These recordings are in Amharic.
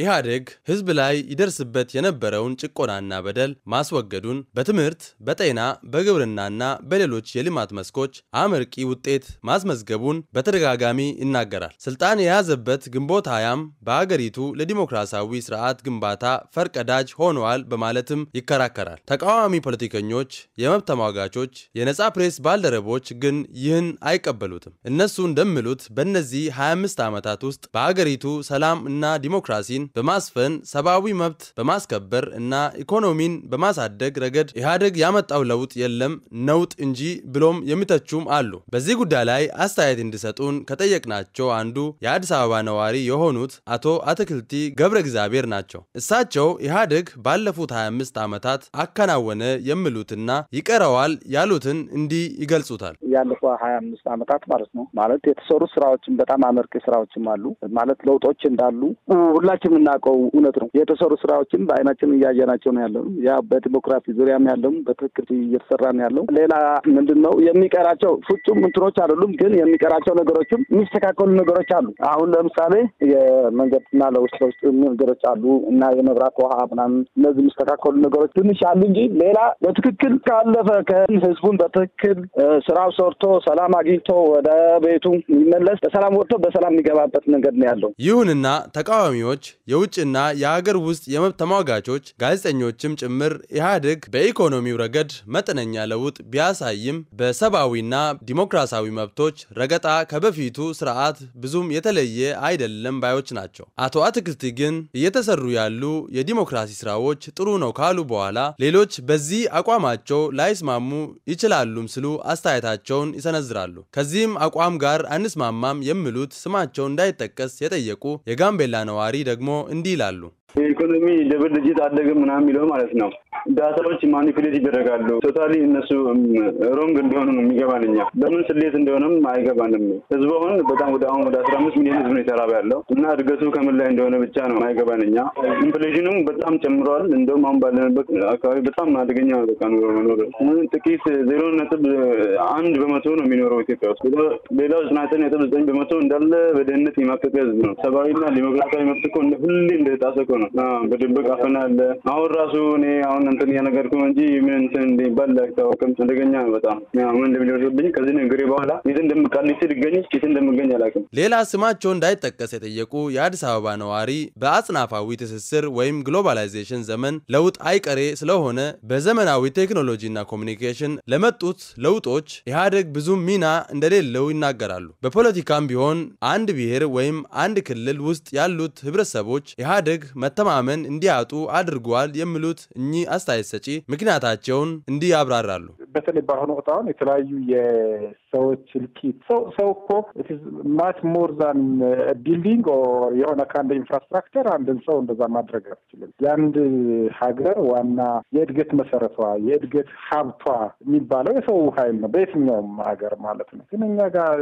ኢህአዴግ ህዝብ ላይ ይደርስበት የነበረውን ጭቆናና በደል ማስወገዱን በትምህርት፣ በጤና፣ በግብርናና በሌሎች የልማት መስኮች አመርቂ ውጤት ማስመዝገቡን በተደጋጋሚ ይናገራል። ስልጣን የያዘበት ግንቦት ሀያም በአገሪቱ ለዲሞክራሲያዊ ስርዓት ግንባታ ፈርቀዳጅ ሆነዋል በማለትም ይከራከራል። ተቃዋሚ ፖለቲከኞች፣ የመብት ተሟጋቾች፣ የነጻ ፕሬስ ባልደረቦች ግን ይህን አይቀበሉትም። እነሱ እንደሚሉት በእነዚህ 25 ዓመታት ውስጥ በአገሪቱ ሰላም እና ዲሞክራሲን በማስፈን ሰብአዊ መብት በማስከበር እና ኢኮኖሚን በማሳደግ ረገድ ኢህአደግ ያመጣው ለውጥ የለም ነውጥ እንጂ ብሎም የሚተቹም አሉ። በዚህ ጉዳይ ላይ አስተያየት እንዲሰጡን ከጠየቅናቸው አንዱ የአዲስ አበባ ነዋሪ የሆኑት አቶ አትክልቲ ገብረ እግዚአብሔር ናቸው። እሳቸው ኢህአደግ ባለፉት 25 ዓመታት አከናወነ የሚሉትና ይቀረዋል ያሉትን እንዲህ ይገልጹታል። ያለፉ 25 ዓመታት ማለት ነው ማለት የተሰሩ ስራዎችን በጣም አመርቂ ስራዎችም አሉ ማለት ለውጦች እንዳሉ ሁላችንም የምናውቀው እውነት ነው። የተሰሩ ስራዎችም በአይናችን እያየናቸው ነው ያለው። ያ በዲሞክራሲ ዙሪያም ያለው በትክክል እየተሰራ ነው ያለው። ሌላ ምንድን ነው የሚቀራቸው? ፍጹም እንትኖች አይደሉም፣ ግን የሚቀራቸው ነገሮችም የሚስተካከሉ ነገሮች አሉ። አሁን ለምሳሌ የመንገድና ለውስጥ ለውስጥ ነገሮች አሉ እና የመብራት ውሃ ምናምን እነዚህ የሚስተካከሉ ነገሮች ትንሽ አሉ እንጂ ሌላ በትክክል ካለፈ ህዝቡን በትክክል ስራው ሰርቶ ሰላም አግኝቶ ወደ ቤቱ የሚመለስ በሰላም ወጥቶ በሰላም የሚገባበት መንገድ ነው ያለው። ይሁንና ተቃዋሚዎች የውጭና የሀገር ውስጥ የመብት ተሟጋቾች ጋዜጠኞችም ጭምር ኢህአዴግ በኢኮኖሚው ረገድ መጠነኛ ለውጥ ቢያሳይም በሰብአዊና ዲሞክራሲያዊ መብቶች ረገጣ ከበፊቱ ስርዓት ብዙም የተለየ አይደለም ባዮች ናቸው። አቶ አትክልት ግን እየተሰሩ ያሉ የዲሞክራሲ ስራዎች ጥሩ ነው ካሉ በኋላ ሌሎች በዚህ አቋማቸው ላይስማሙ ይችላሉም ስሉ አስተያየታቸውን ይሰነዝራሉ። ከዚህም አቋም ጋር አንስማማም የሚሉት ስማቸው እንዳይጠቀስ የጠየቁ የጋምቤላ ነዋሪ ደግሞ እንዲህ ይላሉ የኢኮኖሚ ደብል ዲጂት አደገ ምናምን የሚለው ማለት ነው። ዳታዎች ማኒፕሌት ይደረጋሉ። ቶታሊ እነሱ ሮንግ እንደሆኑ ነው የሚገባን እኛ። በምን ስሌት እንደሆነም አይገባንም። ህዝቡ አሁን በጣም ወደ አሁን ወደ አስራ አምስት ሚሊዮን ህዝብ ነው የተራበ ያለው እና እድገቱ ከምን ላይ እንደሆነ ብቻ ነው አይገባን እኛ። ኢንፍሌሽኑም በጣም ጨምረዋል። እንደውም አሁን ባለንበት አካባቢ በጣም አደገኛ በቃ መኖር ጥቂት ዜሮ ነጥብ አንድ በመቶ ነው የሚኖረው ኢትዮጵያ ውስጥ። ሌላው ዘጠኝ ነጥብ ዘጠኝ በመቶ እንዳለ በደህንነት የማቀቀ ህዝብ ነው። ሰብአዊና ዲሞክራሲያዊ መብት እኮ ሁሌ እንደተጣሰ እኮ ነው ነው በድብቅ አፈና አሁን ራሱ እኔ አሁን እንትን እያነገርኩ እንጂ ምን እንትን እንደሚባል አይታወቅም። አደገኛ ነው በጣም ምን እንደሚደርስብኝ ከዚህ ንግሬ በኋላ የት እንደምቃሊት ልገኝ የት እንደምገኝ አላውቅም። ሌላ ስማቸው እንዳይጠቀስ የጠየቁ የአዲስ አበባ ነዋሪ በአጽናፋዊ ትስስር ወይም ግሎባላይዜሽን ዘመን ለውጥ አይቀሬ ስለሆነ በዘመናዊ ቴክኖሎጂና ኮሚኒኬሽን ለመጡት ለውጦች ኢህአደግ ብዙም ሚና እንደሌለው ይናገራሉ። በፖለቲካም ቢሆን አንድ ብሔር ወይም አንድ ክልል ውስጥ ያሉት ህብረተሰቦች ኢህአደግ መ መተማመን እንዲያጡ አድርጓል የሚሉት እኚህ አስተያየት ሰጪ ምክንያታቸውን እንዲህ ያብራራሉ። በተለይ በአሁኑ ወቅት አሁን የተለያዩ የሰዎች እልቂት ሰው ሰው እኮ ማች ሞር ዛን ቢልዲንግ ኦር የሆነ ከአንድ ኢንፍራስትራክቸር አንድን ሰው እንደዛ ማድረግ አትችልም። የአንድ ሀገር ዋና የእድገት መሰረቷ የእድገት ሀብቷ የሚባለው የሰው ኃይል ነው፣ በየትኛውም ሀገር ማለት ነው። ግን እኛ ጋር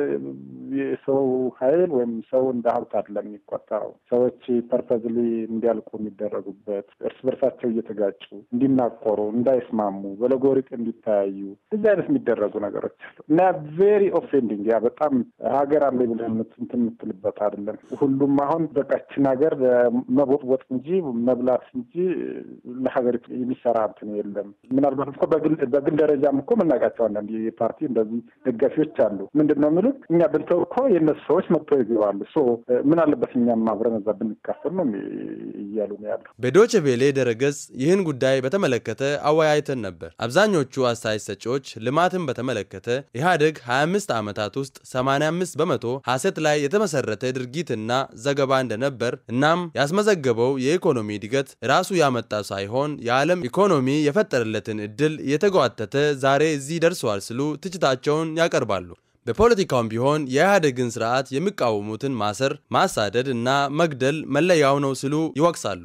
የሰው ኃይል ወይም ሰው እንደ ሀብት አይደለም የሚቆጠረው። ሰዎች ፐርፐዝሊ እንዲያልቁ የሚደረጉበት፣ እርስ በርሳቸው እየተጋጩ እንዲናቆሩ፣ እንዳይስማሙ፣ በለጎሪጥ እንዲተያዩ እዚህ አይነት የሚደረጉ ነገሮች አሉ እና ቬሪ ኦፌንዲንግ ያ በጣም ሀገር አለ ብለን እንትን የምትልበት አይደለም። ሁሉም አሁን በቃችን ሀገር መቦጥቦጥ እንጂ መብላት እንጂ ለሀገሪቱ የሚሰራ እንትን የለም። ምናልባት እኮ በግል ደረጃም እኮ የምናውቃቸው አንዳንድ የፓርቲ እንደዚህ ደጋፊዎች አሉ። ምንድን ነው የሚሉት እኛ ብንተው ብለው እኮ የእነሱ ሰዎች መጥቶ ይገባሉ። ምን አለበት እኛም አብረን እዛ ብንካፈል ነው እያሉ ነው ያለው። በዶች ቤሌ ድረገጽ ይህን ጉዳይ በተመለከተ አወያይተን ነበር። አብዛኞቹ አስተያየት ሰጪዎች ልማትን በተመለከተ ኢህአደግ 25 ዓመታት ውስጥ 85 በመቶ ሀሰት ላይ የተመሰረተ ድርጊትና ዘገባ እንደነበር እናም ያስመዘገበው የኢኮኖሚ እድገት ራሱ ያመጣ ሳይሆን የዓለም ኢኮኖሚ የፈጠረለትን እድል እየተጓተተ ዛሬ እዚህ ደርሰዋል ሲሉ ትችታቸውን ያቀርባሉ። በፖለቲካውም ቢሆን የኢህአዴግን ስርዓት የሚቃወሙትን ማሰር፣ ማሳደድ እና መግደል መለያው ነው ሲሉ ይወቅሳሉ።